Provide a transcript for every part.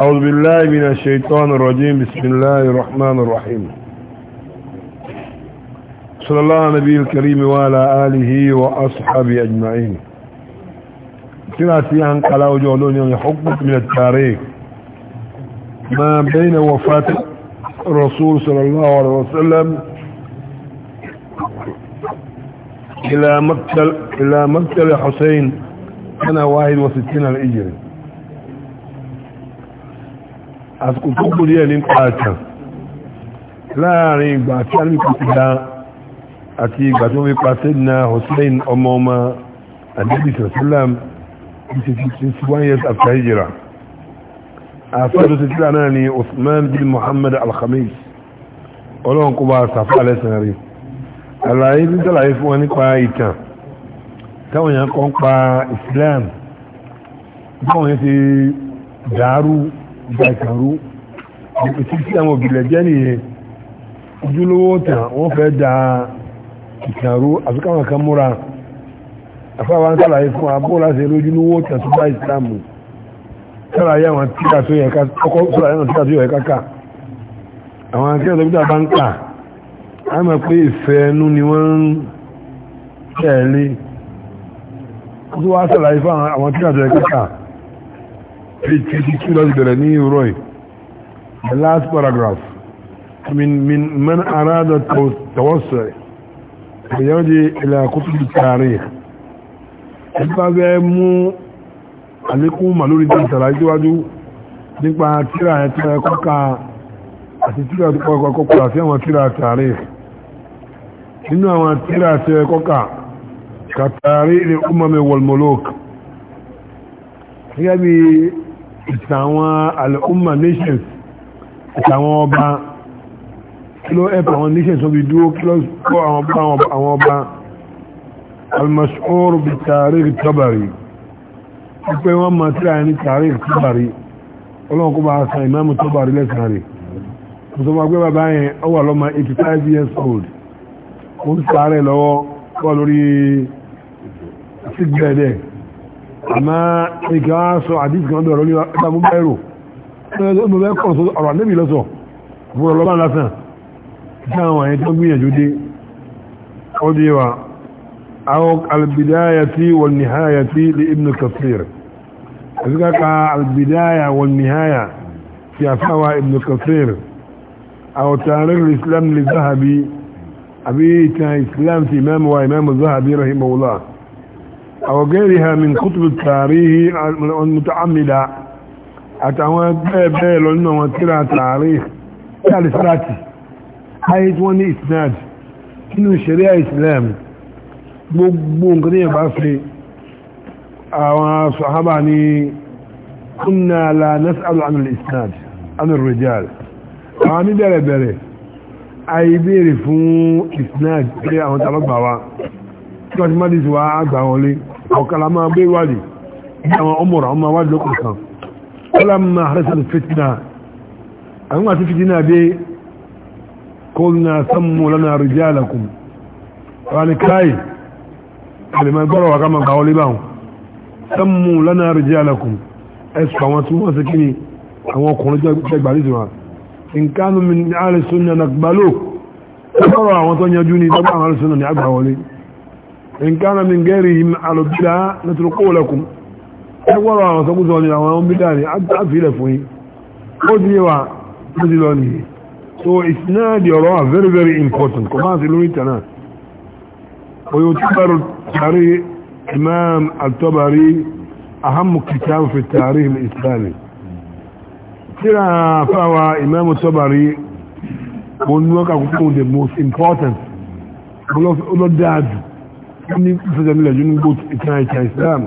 أعوذ بالله من الشيطان الرجيم بسم الله الرحمن الرحيم صلى الله على نبي الكريم وعلى آله وأصحابه أجمعين ثلاثي عن جعلون يعني حكمة من التاريخ ما بين وفاة الرسول صلى الله عليه وسلم إلى مقتل إلى مقتل حسين سنة 61 الإجري àsìkò tó gbòdí ẹ̀ ní pàtàn láàrin ìgbà tí a ní kòtò dá àti ìgbà tó wípa sẹ́dínà hussein ọmọ ọmọ àdébìsọ̀ sílám one years after hijira àfẹ́dọ̀ sí sílá náà ni usman bin muhammad al-khamis ọlọ́run kó bá sàfà lẹ́sìn rí àlàyé ní ìjà ìkàrú ìpèsè sí àwọn òbílẹ̀ jẹ́ nìyẹn ojúlówó tàn wọ́n fẹ́ da ìkàrú àfikàwọn kan múra àfáwọn sàlàyé fún abó láti lójúlówó tàn tó bá ìsìlámù sàlàyé àwọn tíra tó yẹ káká àwọn akẹ́kọ̀ọ́ tó bí dà bá ń kà á mọ̀ pé ìfẹ́ ẹnu ni wọ́n ń tẹ̀lé tó wá sàlàyé fún àwọn tíra tó yẹ káká page 22 láti bẹ̀rẹ̀ ní ìrọ̀ yìí the last paragraph من من من أراد التوسع فيرجع إلى كتب التاريخ nípa bẹ́ mú àlékún mà lórí ìtàlá ìtíwájú nípa tíra ẹ̀ tíra kọ́kà àti tíra kọ́kà àti àwọn tíra tààrí nínú àwọn tíra tíra kọ́kà kàtàrí ilẹ̀ umami wal muluk gẹ́gẹ́ bí ìtàwọn al'umma nations ìtàwọn ọba kíló ẹ̀pọ̀ àwọn nations obi dúó kíló kó àwọn ọba al-mash'ur bi tarikh tabari pípẹ́ wọ́n ma tí a ní tarikh tabari ọlọ́run kó bá sa ìmáàmù tabari lẹ́sàn rẹ̀ mùsùlùmá gbé bàbá yẹn ó wà lọ́mọ 85 years old ó ń sáré lọ́wọ́ wà lórí sick bed there àmá ìgbà sọ àdíjì kan bẹ̀rọ ní ẹgbàmú bẹ́rù ọmọ bẹ́ kọ̀ sọ ọ̀rọ̀ àdébì lọ́sọ̀ fúrọ̀ lọ́bá lásán tí àwọn àyẹ́ tó gbìyànjú dé ó dé wa àwọn albidayati wal nihayati li ibn kathir àfikà ka albidaya wal nihaya ti àfáwà ibn kathir àwọn tààrí islam li zahabi àbí ìtàn islam ti imam wa imam zahabi rahimahullah أو غيرها من كتب التاريخ المتعمدة أتعوان بيه لأنه وكرة تاريخ ثالث راتي حيث واني إسناد كنو الشريعة الإسلام gbogbo nǹkan yẹn bá fi àwọn sọ̀hábà ní kúnnà lánàṣà al'isnad anìrìjáàl àwọn ní bẹ̀rẹ̀ bẹ̀rẹ̀ àìbèèrè fún isnad pé àwọn tàbàgbàwà tí wọ́n ti má dìsíwá àgbà wọlé ọ̀kàlà máa gbé wájì ní àwọn ọmọrà ọmọ wájì lókùn kan ọlá máa hàrẹ́sà fìtínà àwọn àti fìtínà dé kó na sánmù lọ́nà rìjá àlàkùn wà ní káyì kàlìmọ̀ gbọ́rọ̀ wà kama gbà wọlé báwọn sánmù lọ́nà rìjá àlàkùn ẹ̀sù àwọn tí wọ́n sì kíni àwọn ọkùnrin jẹ́ gbàlejò wa nǹkan mi ní in kana min gairihim alo bida na turko lakum ẹ gbọ́rọ̀ àwọn sọ́kú sọ ni àwọn ọmọ bídá ni a fi ilẹ̀ fún yí ó so it's not the ọ̀rọ̀ very very important kò máa ti lórí tẹ̀nà oyo tí bẹ̀rù tàrí imam al-Tabari ahamu kitab fi tarikh al-islami tíra fáwa imam al-Tabari mo ní the most important olódáàdù ní fẹ́sẹ̀ nílẹ̀ yìí gbò ìtàn ìtàn islam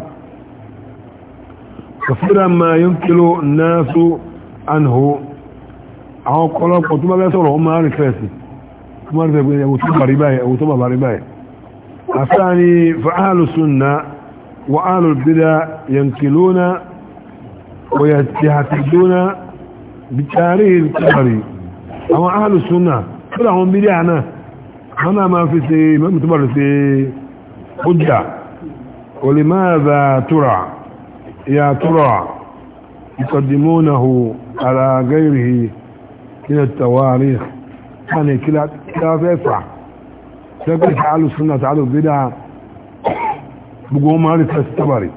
kàfíra ma yóò kílò náà só anhò àwọn ọ̀pọ̀lọpọ̀ tó bá bẹ́ sọ̀rọ̀ ọmọ àrífẹ́sì tó bá rí bẹ́ẹ̀ ẹwù tó bàrí báyìí ẹwù tó bàrí báyìí àfíà ni fa'álù sunna wa álù bídá yankilóna wa yàtìhàtìlóna bí tàrí ìtàrí àwọn álù sunna tó àwọn bídá náà wọ́n náà máa fi ṣe mẹ́mù tó bàrí ṣe حجة ولماذا ترى يا ترى يقدمونه على غيره من التواريخ يعني كلا كلا يفرح تقول تعالوا السنة تعالوا البدع بقوا ما تستبري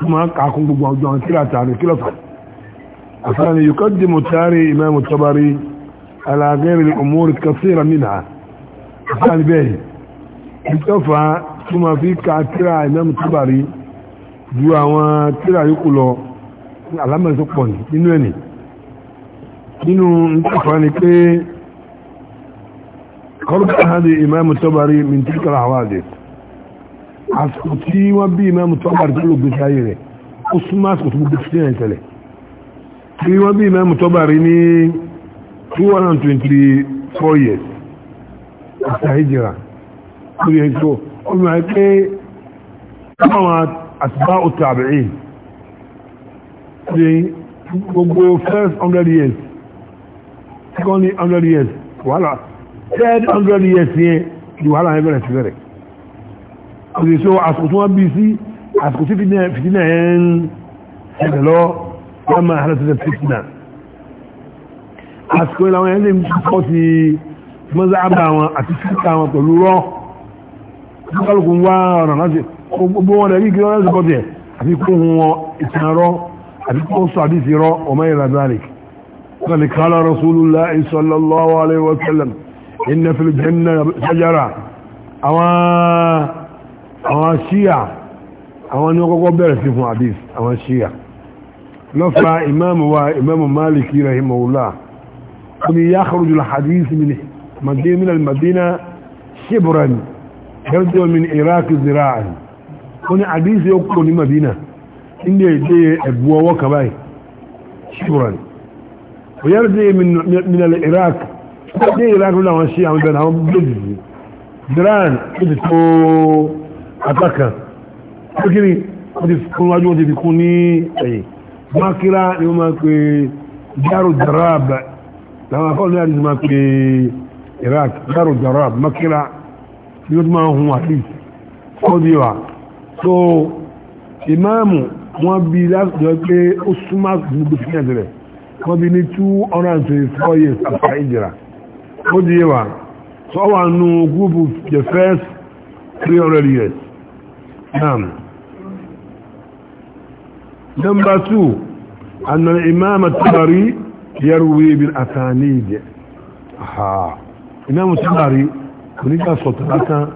ثم أقعكم بقوا جوان كلا تعالوا كلا تعالوا أفعلا يقدم التاري إمام التبري على غير الأمور كثيرا منها أفعلا به يتفع tó ma fi ka tíra imam Tabari ju àwọn tíra yóò lọ alámẹ́sọ pọ̀ nínú ẹni nínú ìtàkùn ni pé kọ́rùkà hàn ní imam Tabari min tíkà àwáàdì àsìkò tí wọ́n bí imam Tabari tó lò gbé sáyé rẹ̀ ó súnmọ́ àsìkò tó gbé sí ẹ̀ńtẹ̀lẹ̀ tí wọ́n bí imam Tabari ní 224 years after hijira lórí ẹjọ́ ọmọ ẹgbẹ́ káwọn àtìbá òtò àbẹ̀rẹ̀ ṣe gbogbo first hundred years second hundred years wàhálà third hundred years yẹn ni wàhálà yẹn bẹ̀rẹ̀ sí bẹ̀rẹ̀ ọ̀sẹ̀ so àsìkò tí wọ́n bí sí àsìkò tí fìdínà yẹn ń ṣẹlẹ̀ lọ wọ́n máa hàlẹ́ sílẹ̀ fìdínà àsìkò ìlànà yẹn lè kọ́ sí mọ́sá àbá wọn àti fìdínà wọn pẹ̀lú rọ́ọ̀ kálukú wá ọ̀nà láti gbogbo wọn dẹ̀bí kí wọ́n lẹ́sìn kọ́tì ẹ̀ àbí kó hun wọn ìtàn rọ àbí kó sọ àbí ti rọ ọmọ ìlà zalik kọ́lẹ̀ kálá rasulullah sallallahu alaihi wa sallam inna fil janna sajara àwọn àwọn ṣíyà àwọn ni wọ́n kọ́kọ́ bẹ̀rẹ̀ sí fún àdís àwọn ṣíyà lọ́fà ìmáàmù wa ìmáàmù máàlìkì rahimahullah kọ́ni yá kọ́rọ̀jù hadith min madina shibran yarjo min iraq zira'an wani hadisi ya kò ní madina inda ya je ẹ̀bùwọ́ wọ́ka báyìí ṣúran o yarjo min al-iraq ṣe iraq ló láwọn ṣe àwọn ìbẹ̀rẹ̀ àwọn bíjì zira'an ó ti tó ataka ó kí ni ó ti kún wájú ó ti fi kún makira ni wọ́n máa pe darab làwọn afọ́ ní àdìsí máa pe iraq jaru darab makira ni ó ti máa hun àti kọ́bíwà so ìmáàmù wọ́n bí láti jọ pé ó súnmọ́ gbogbo sí ẹ̀sẹ̀ rẹ̀ wọ́n bí ní 224 years after ìjìrà ó di yẹwà so ó wà nù gúrùpù the first 300 years naam number two أن الإمام الطبري يروي بالأسانيد ها إمام الطبري oníkà sọ̀tọ̀ lásán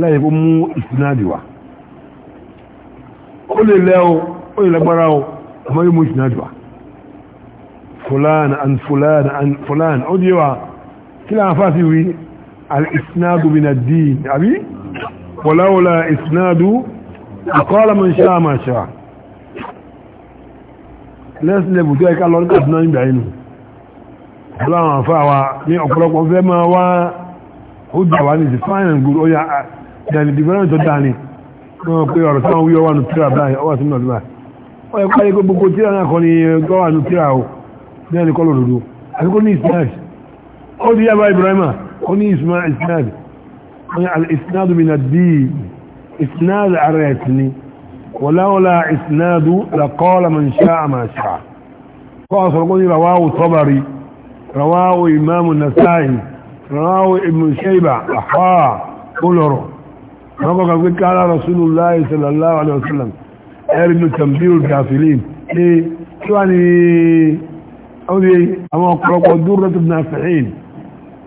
láyé kó mú ìsinádì wá ó lè lẹ́ o ó lè lágbára o àmọ́ yóò mú ìsinádì wá fulan an fulan an fulan ó di wa kí láwọn fásitì wí al-isnadu min ad-din àbí wọláwọlá isnadu àkọọ́lá mọ̀ ṣe àmà ṣe wa lẹ́sìn lè bùtọ́ ẹ̀ka lọ́dún kàtúnà ìgbà yìí nù láwọn àfáà wa ní ọ̀pọ̀lọpọ̀ fẹ́ máa wá ó dà wá ní fine and good ó yá dàní ah, development tó dání wọ́n pé ọ̀rọ̀ táwọn wíyọ́ wà ní tíra báyìí ọwà sínú ọdún báyìí ó yẹ pé gbogbo tíra náà kọ́ ni eh, gọ́wà ní tíra o ní ẹni kọ́lọ̀ òdòdó àti kó ní isnad ó di yàrá ibrahima ó ní isnad ó ní al-isnad min ad-din isnad ara rawahu tabari nasai راوي ابن شيبة أحا قلرو ربك فيك على رسول الله صلى الله عليه وسلم قال ابن تنبير الكافرين ايه شواني اولي اما اقلقوا دورة النافعين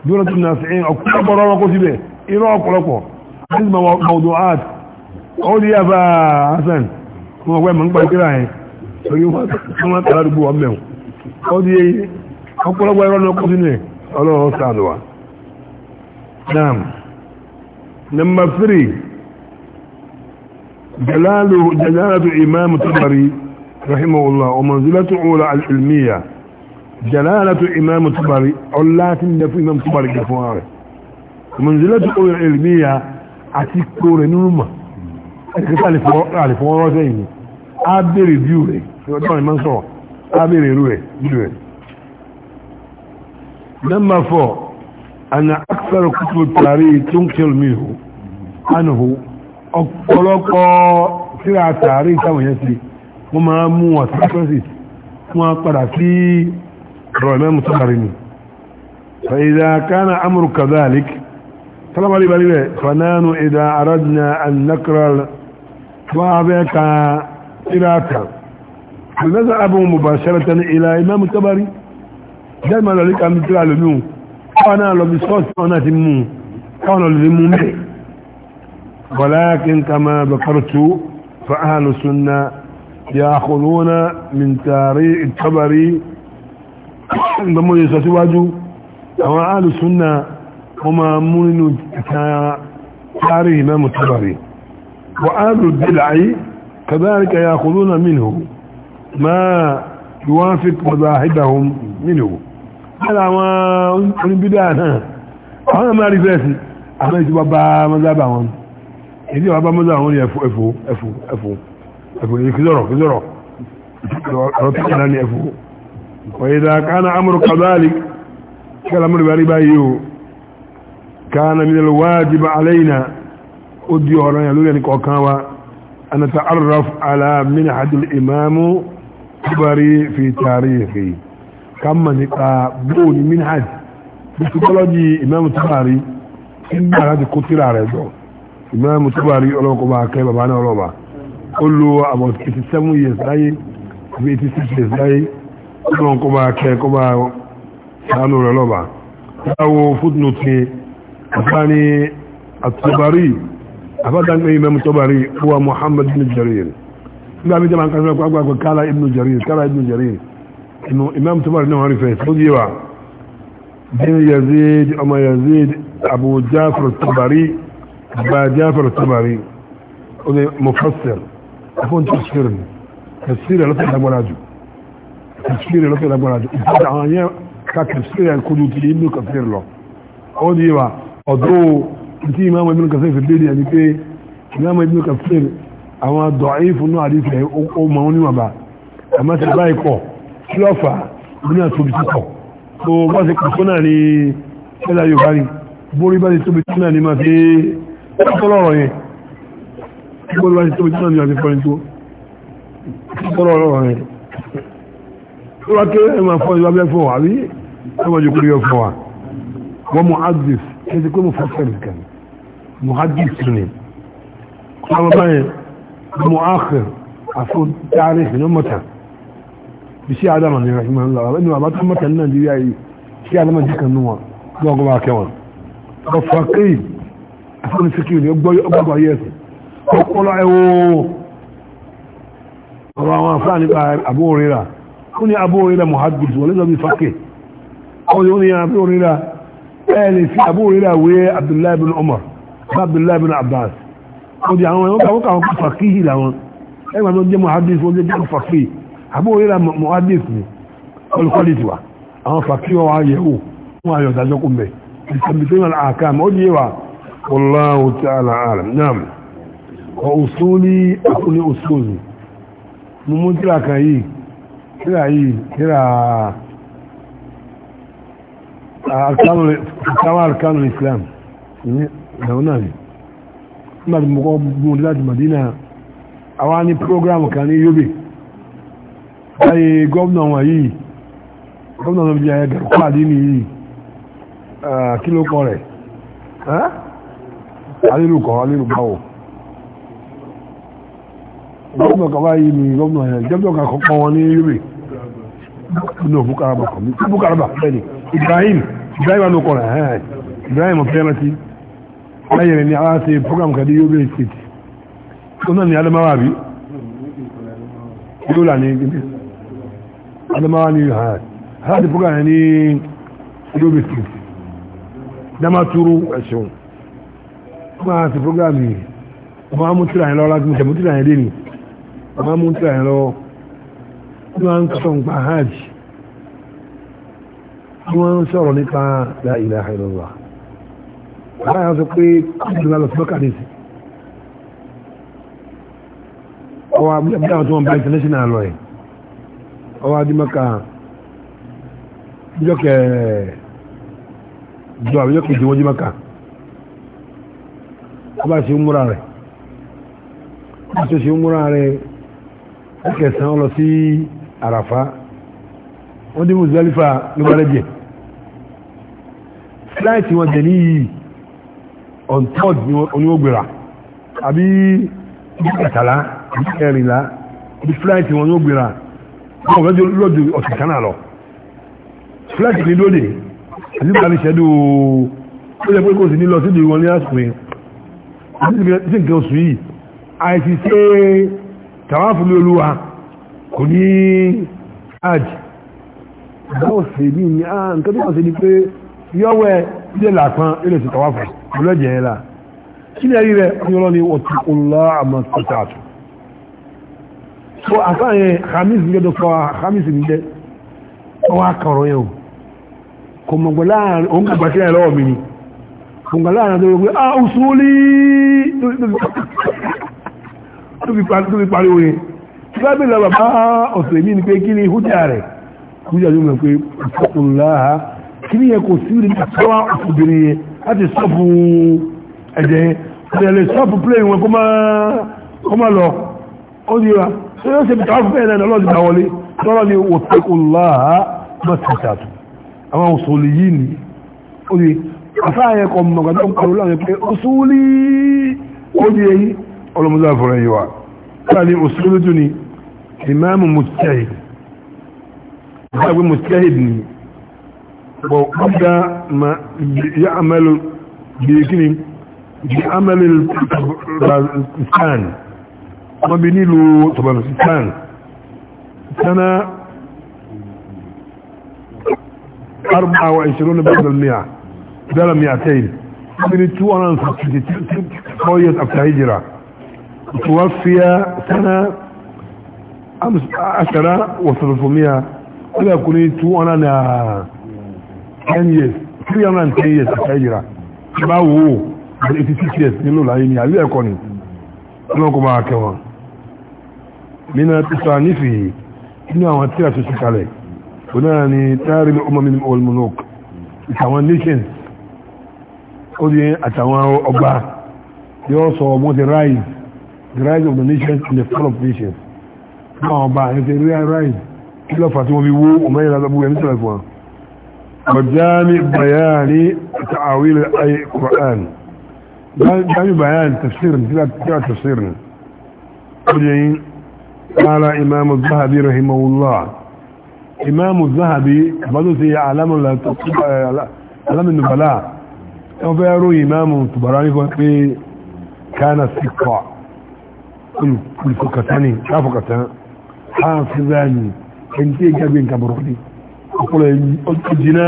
دورة النافعين اقلقوا رما قلت به ايه اقلقوا حزم موضوعات اولي يا ابا حسن هو اقوى من قبل كراهي فيوم ما تلاربوا امهم اولي اقلقوا ايه رما قلت به الله سعدوا نعم نمبر 3 جلاله جلالة إمام الطبري رحمه الله ومنزلته العلمية جلالة إمام الطبري علات في إمام الطبري كفواره ومنزلته العلمية أتكور نومة أتكتال فواره زيني أبري بيوري يوضعني من صور أبري روي بيوري نمبر 4 أن أكثر كتب التاريخ تنكر منه أنه أطلق سرع التاريخ كما يسري وما مو وتحفزي وما قرأ في الرمام فإذا كان أمر كذلك سلام علي بالي فنان إذا أردنا أن نقرأ فابك سرعتا أبو مباشرة إلى إمام التبري دائما ذلك أن نتلع káwọn náà lọ bí sọ́ọ̀tì wọn náà ti mú káwọn lọ lè mú mẹ́ walakin kama bakartu fa ahlu sunna ya'khuduna min tari tabari ìgbà mọ́ yẹsọ síwájú àwọn ahlu sunna wọ́n máa mú nínú tari imam tabari wa ahlu bid'ah كذلك يأخذون منه ما يوافق مذاهبهم منه lára àwọn oníbídà náà àwọn ọmọ rìfẹ́ẹ̀sì àwọn ìjọba bá mọ́sábà wọn èdè wà bá mọ́sábà wọn ni ẹ̀fọ́ ẹ̀fọ́ ẹ̀fọ́ ẹ̀fọ́ ẹ̀fọ́ ìkìlọ̀rọ̀ kìlọ̀rọ̀ ọ̀rọ̀ tó kìlá ní ẹ̀fọ́ ọ̀yẹ̀dà kánà amúrù kàbáàlì kálà mọ́rù bá rí báyìí o أن نتعرف على منهج الإمام الكبري في تاريخه ká mọ̀ nípa bóò ní minhaj bisikọ́lọ́jì Imam Tabari tí ń bá láti kó tíra rẹ̀ jọ Imam Tabari ọlọ́kọ̀ọ́bà kẹ́ bàbá náà ọlọ́ba ó lo about eighty seven years láyé àbí eighty six years láyé ọlọ́kọ̀ọ́bà kẹ́ kọ́bà sànù rẹ̀ lọ́ba láwo footnote àfáàní àtọ́bárí àfáàní Imam Tabari wa Muhammad ibn Jarir nígbà mi jẹ́ máa ń kásán kó agbáko kálá ibn Jarir kálá ibn Jarir انه امام تمر انه عرفه خذ بن يزيد اما يزيد ابو جعفر الطبري ابا جعفر الطبري مفسر اكون تفسير تفسير لا تلعب ولا جو تفسير لا تلعب ولا جو يعني كتفسير الكدوت ابن كثير له خذ يوا ọdún tí ìmáàmù ibn Kathir fi léde ẹni pé ìmáàmù ibn Kathir àwọn dọ̀ọ́yìn fún náà àdífẹ́ ó mọ̀ ọ́n níwọ̀nba àmọ́ sí báyìí pọ̀ kí ló fà á ìbínú àtòbí títọ̀ tó bá ṣe kùsọ́ náà ní ẹ̀dà yorùbá ni borí bá ṣe tóbi tó náà ní máa fi tọ́lọ̀rọ̀ yẹn borí bá ṣe tóbi tó náà ní máa fi fọ́rin tó tọ́lọ̀rọ̀ yẹn tó wá kéré ẹ̀ máa fọ́ ìlú abẹ́ fún wa àbí ẹ̀ máa jòkó yọ fún wa wọ́n mú adif kí ẹ ti pé mo fọ́ fẹ́ẹ̀lì kan mú adif ni kọ́ àwọn báyẹn mú áàkì àfọ́ tààrí ìyọ́mọ̀tàn bisi adama ne rahimahullah wani ba ta matan najeriya yi shi alaman jikan nuwa zuwa gaba kewan ka faƙi a sani suke ne gbogbo ayé su ọkọlọ ẹwọ ọ̀rọ̀ àwọn afẹ́ nípa Abu Hurairah ó ní Abu Hurairah muhaddis wọlé lọ bí faƙi ó ní oníyàn Abu Hurairah ẹ lè fi Abu Hurairah wé Abdullahi bin Umar Abdullahi bin Abbas ó di àwọn ẹwọ́n kàwọn kàwọn faƙi yìí làwọn ẹgbàá tó jẹ́ muhaddis wọ́n jẹ́ faƙi àbó òyìnbá mohadis ni olùkọ́lì tiwa àwọn fàkíwọ́ wa yẹ̀ wò wọ́n ayọ̀ ìdájọ́ kò mẹ́ ìsàmìtìmọ̀ àkàm ó di wa wallahu ta'ala alam naam wa usuli akuni usuli mo mú tíra kan yìí tíra yìí tíra arkanu islam ní ìdáwọn náà ni àwọn ní program kan ní yobe ayé gómìnà wọn yìí gómìnà wọn bí ayé gẹ̀rùkú àdínì yìí kí ló kọ́ rẹ̀ alílùkọ́ alílùbáwò gómìnà kọba yìí ni gómìnà yẹn jẹ́bọ̀ kan kọ́kọ́ wọn ní yorùbá nínú bukaraba kọ̀mí bukaraba bẹ́ẹ̀ni Ibrahim Ibrahim wọn ló kọ́ rẹ̀ Ibrahim ọ̀pẹ́rẹ́tì ayẹ̀rẹ̀ ni a ṣe program kadi ní yorùbá state tó náà ni adamawa bí yóò là ní ibi adamawa ha ha ti fuga ní idobi street damaturu ẹ̀ṣùn ma ti fuga mi ma mú tíra yẹn lọ láti mú tẹ̀mú tíra yẹn dé ni ma mú tíra yẹn lọ tí wọ́n ń sọ nípa hajj tí wọ́n ń sọ̀rọ̀ nípa la ilaha illallah ara yà sọ pé kúndùn lọ sí mọ́kàdésì ọwọ́ abúlé àwọn tí wọ́n bá international lọ ọwọ́ adimaka ìjọ kẹ ìjọ àbíjọ kejì wọn jimaka ọba ṣe ń múra rẹ̀ ọba ṣe ṣe ń múra rẹ̀ ẹkẹsàn lọ sí àràfá wọ́n dé mùsùlùmífà ló bá rẹ̀jẹ̀ fúláìtì wọn jẹ̀ níyì on third ni wọ́n gbéra àbí ìjọ kẹtàlá ìjọ kẹrìnlá ìjọ fúláìtì wọn ni gbéra wọn lọ́jọ́ lọ́jọ́ ọ̀sẹ̀ kan náà lọ fúláìtì ní lóde àti ìgbà ní ṣẹ́dú ó yẹ pé kò sí ní lọ sí ìdí wọn ní àsùnwìn àti ìgbà nǹkan oṣù yìí àìsí ṣe tàwáfù ní olúwa kò ní àjì báwọ̀ sí ní ní à nǹkan tó kàn sí ni pé yọ́wẹ́ ilé làpán ilé sí tàwáfù ọlọ́jẹ̀ yẹn la kí ni ẹ̀rí rẹ̀ ọ̀yọ́lọ́ ni ọ̀tún ọlọ́ àmọ́ tọ́tà àtún so àfáàyẹ hamis ní gẹ́dọ̀ fọ́ hamis ní jẹ́ ọwọ́ akọ̀rọ̀ yẹn kò mọ̀gbọ̀ láàrin òun kàgbà sí ẹ̀ lọ́wọ́ mi ni kòǹgbà láàrin tó wípé ah òṣùlí tó fi parí orin tí bá bèèrè bàbá ọ̀sẹ̀ ni pé kí ni hújà ni yẹn kò sí ní àtọ́wà obìnrin yẹn láti sọ́ọ̀fù ẹ̀jẹ̀ yẹn lè sọ́ọ̀fù pléyìn wọn kó má lọ ó di wa yóò ṣe bìtà fún ẹ̀rẹ́ lọ́dí bá wọlé lọ́rọ̀ ni wọ́tẹ́kùnláà mọ́tàtàtù àwọn òṣòlì yìí ni ó di afáàyẹ kọ mọ̀gbàdọ́ ń kọrọ láwọn pé òṣòlì ó di èyí ọlọ́mọdé fọ́rọ̀ yìí wà láà ní òṣòlì tó wọ́n bí nílò tọ̀bọ̀lù sí tán tánà arba wa ìṣẹ́lú ní bẹ́ẹ̀ dàlmíà dàlmíà tẹ́yìn wọ́n bí ní 264 years after hijira tuwafiya tánà ashara wa sarafumiya wọ́n bí kú ní 210 uh, years 310 years after hijira báwo 86 years nínú láyé ni àbí ẹ̀kọ́ ni ọlọ́kọ̀ máa kẹwàá من تصانيفه إنه هو تيرا تشك عليه هناني تاري الأمم والملوك ìtàwọn nations ó di àtàwọn ọba yóò sọ ọmọ the rise the rise of the nations and the fall of nations náà ọba ẹni tẹ real rise kí lọ fà tí wọ́n fi wó ọmọ yẹn lọ́gbọ́n ẹni sọ̀rọ̀ fún wa bayani ta'awil ayé Qur'an jami bayani tafsir ní tíra tafsir ní ó di yẹn قال إمام الذهبي رحمه الله إمام الذهبي بدوتي علم علم النبلاء وبيرو إمام تبراني في كان ثقة كل فكتاني لا فكتان حافظاني انتي جابين كبروني أقول أجنا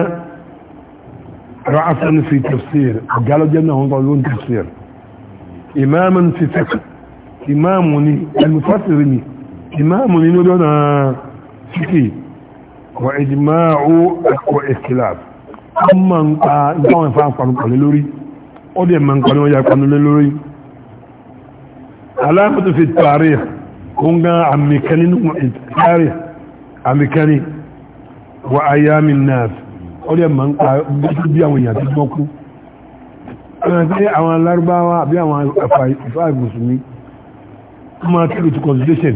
رأسا في تفسير قالوا جنة هم طالبون تفسير إماما في فقه إمامني المفسرني ìmáàmù nínú lọ́nà síkì wà ìjìmáàwó ẹ̀kọ́ ìkìláàb wọ́n ma ń pa ìgbáwọn ìfà àpàlùpàlù lórí ó dẹ̀ ma ń pa ní ọjà àpàlù lórí aláàmùtò fi tààrí òun gan àmìkẹni nínú ìtàrí àmìkẹni wà ayámi náà ó dẹ̀ ma ń pa bí àwọn èèyàn tó gbọ́ kú àwọn alárúbáwá àbí àwọn ìfà ìmùsùlùmí wọ́n máa tẹ́lù to consultation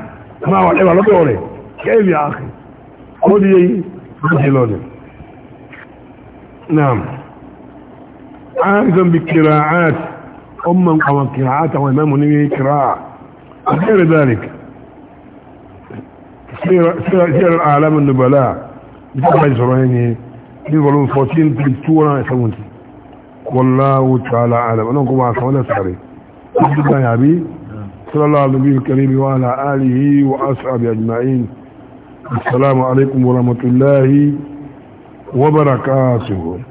máa wà ẹwà lọ́pẹ̀ ọ̀rẹ́ kẹ́ẹ̀mì ààkì ó di yìí jẹ lọ́dẹ̀ náà ààrùn bí kìrà àti ọmọ àwọn kìrà àti àwọn ìmẹ́mù ní kìrà àbẹ́rẹ̀ dárík síra alamun nubala ìjọba ìsọ̀rọ̀ ẹni ní volume 14 page 270 wallahu ta'ala alam ọlọ́nkọ́ wa sọ́wọ́lẹ̀ sáré صلى الله على النبي الكريم وعلى آله وأصحابه أجمعين السلام عليكم ورحمة الله وبركاته